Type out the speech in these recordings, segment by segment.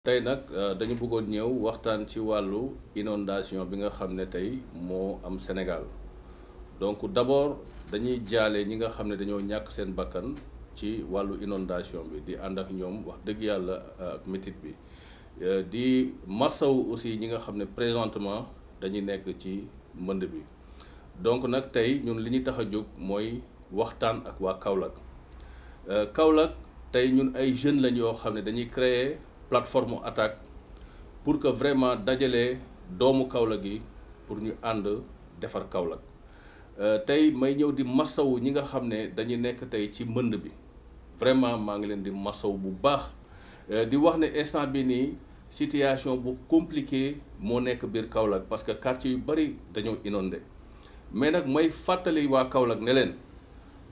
tey nag euh, dañu bëggoon ñëw waxtaan ci wàllu inondation bi nga xam ne tey moo am Sénégal donc d'abord dañuy jaale ñi nga xam ne dañoo ñàkk seen bakkan ci wàllu inondation bi di ànd ak ñoom wax dëgg yàlla euh, ak métit bi euh, di massaw aussi ñi nga xam ne présentement dañuy nekk ci mbënd bi donc nag tey ñun li ñu tax a jóg mooy waxtaan ak waa Kaolack euh, Kaolack tey ñun ay jeunes lañ yoo xam ne dañuy créer plateforme attaque pour que vraiment dajale doomu Kaolack yi pour ñu ànd defar Kaolack euh, tey may ñëw di masawu ñi nga xam ne dañuy nekk tey ci mbënd bi vraiment maa ngi leen di masawu bu baax euh, di wax ne instant bi nii situation bu compliquée moo nekk biir Kaolack parce que quartier yu bari dañoo inondé mais nag may fàttali waa Kaolack ne leen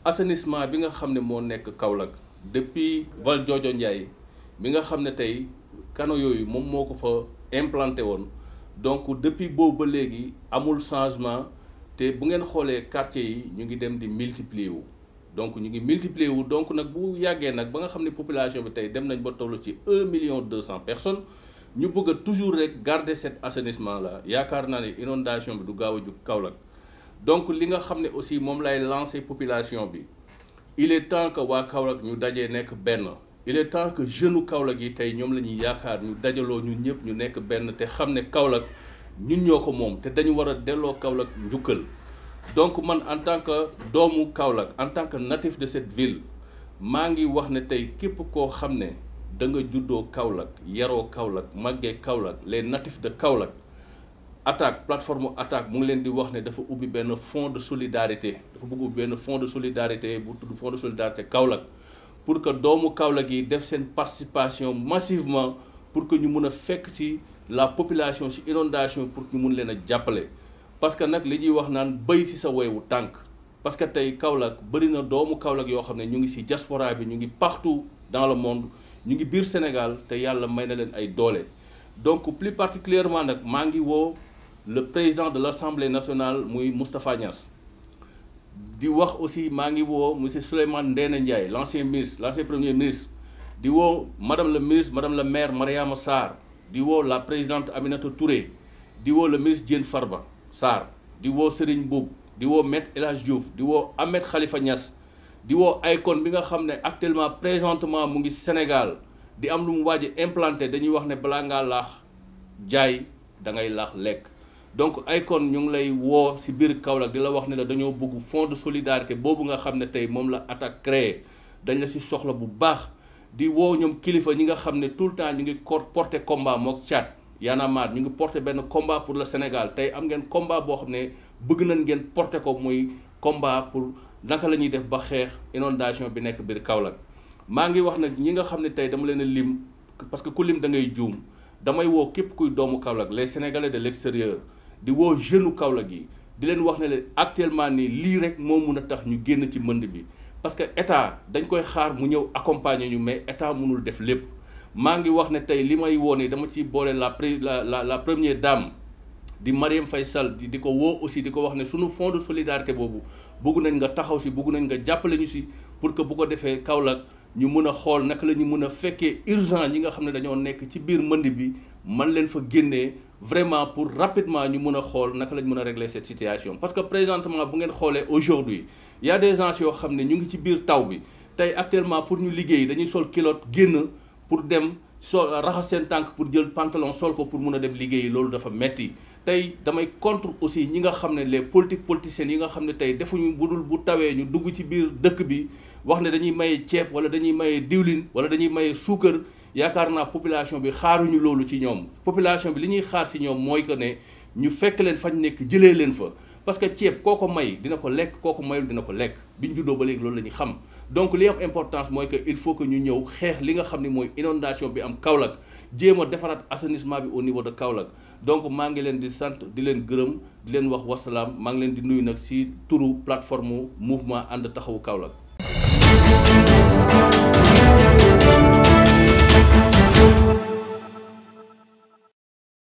assainissement bi nga xamné mo nek nekk Kaolack depuis jojo Ndiaye bi nga xamné tay tey kano yooyu moom moo fa implanté won donc depuis bobu ba amul changement te bu ngeen xolé quartier yi ñu ngi dem di multiplier wu donc ñu ngi multiplier wu donc nak bu yagge nak ba nga xamné population bi tay dem nañ ba toll ci un million deux personnes ñu bëgg toujours rek garder cet assainissement là yaakar na né inondation bi du gaaw ju Kaolack donc ce que vous aussi lancé lancer population il est temps que les ñu il est temps que les jeunes yi tey ñoom Nous sommes ñu savons ñun les ñu te nous devons Kaolack ñun ñoo donc moi, en tant que doomu en tant que natif de cette ville je ngi ne qui képp que da nga yaro les natifs de Kaolack attaque plateforme attaque mu ngi leen di wax ne dafa ubbi benn fonds de solidarité dafa bëgg ubbi benn fonds de solidarité bu tudd fonds de solidarité Kaolack pour que doomu Kaolack yi def seen participation massivement pour que ñu mun a fekk ci la population ci inondation pour ñu mun leen a jàppale parce que nag li ñuy wax naan béy ci sa woywu tànk parce que tey Kaolack bëri na doomu Kaolack yoo xam ne ñu ngi ci diaspora bi ñu ngi partout dans le monde ñu ngi biir Sénégal te yàlla may na leen ay doole donc plus particulièrement nag maa ngi woo le président de l'Assemblée nationale Mouy Moustapha Niass di aussi Mangiwo, ngi monsieur Ndiaye l'ancien ministre l'ancien premier ministre di wo madame le ministre madame la maire Mariam Sarr di la présidente Aminata Touré di le ministre Djen Farba Sar, di wo Serigne Boub di wo maître Elas Diouf di wo Ahmed Khalifa Niass di wo Akon bi nga xam actuellement présentement au Sénégal di am lu mu implanté dañuy wax ne blanga ngaa laax jaay da ngay donc Akon ñu ngi lay woo si biir Kaolack di la wax ne la dañoo bugg fonds de solidarité boobu nga xam ne tey moom la attaque créé dañ la si soxla bu baax di woo ñoom kilifa ñi nga xam ne tout le temps ñu ngi porté combat mook Tchad Y'en a ngi porté benn combat pour le Sénégal tey am ngeen komba boo xam ne bëgg nañ ngeen porté ko muy combat pour naka la ñuy def ba xeex inondation bi nekk biir Kaolack maa ngi wax nag ñi nga xam ne tey dama leen a lim parce que ku lim da ngay juum damay woo képp kuy doomu Kaolack les Sénégalais de l'extérieur di woo jeune Kaolack gi di leen wax ne leen actuellement nii lii rek moo mun a tax ñu génn ci mbënd bi parce que état dañ koy xaar mu ñëw accompagner ñu mais état mënul def lépp maa ngi wax ne tey li may woo ne dama ci boole la pré la la la première dame di Marième fay Sall di di ko woo aussi di ko wax ne suñu fonds de solidarité boobu bëgg nañ nga taxaw si bëgg nañ nga jàppale ñu si pour que bu ko defee Kaolack ñu mën a xool naka la ñu mën a fekkee urgent ñi nga xam ne dañoo nekk ci biir mbënd bi man leen fa génnee vraiment pour rapidement ñu naka régler cette situation parce que présentement bu ngeen xolé aujourd'hui y a des gens qui xamné ñu ngi ci biir taw bi actuellement pour ñu liggéey dañuy sol génn pour dem sol pour jël pantalon sol pour mëna dem liggéey dafa contre aussi ñi nga les politiques politiciens yi nga xamné tay defuñu budul bu tawé ñu dugg ci biir dëkk bi wax né dañuy maye ciép wala dañuy maye diwlin wala dañuy yaakaar naa population bi xaaruñu loolu ci ñoom population bi li ñuy xaar si ñoom mooy que ne ñu fekk leen fañ nekk jëlee leen fa parce que ceeb koo ko may dina ko lekk koo ko mayul dina ko lekk bi ñu ba léegi loolu la ñu xam donc li am importance mooy que il faut que ñu ñëw xeex li nga xam ni mooy inondation bi am Kaolack jéem a defaraat assainissement bi au niveau de Kaolack donc maa ngi leen di sant di leen gërëm di leen wax wasalaam maa ngi leen di nuyu nag si turu plateforme mouvement ànd taxawu Kaolack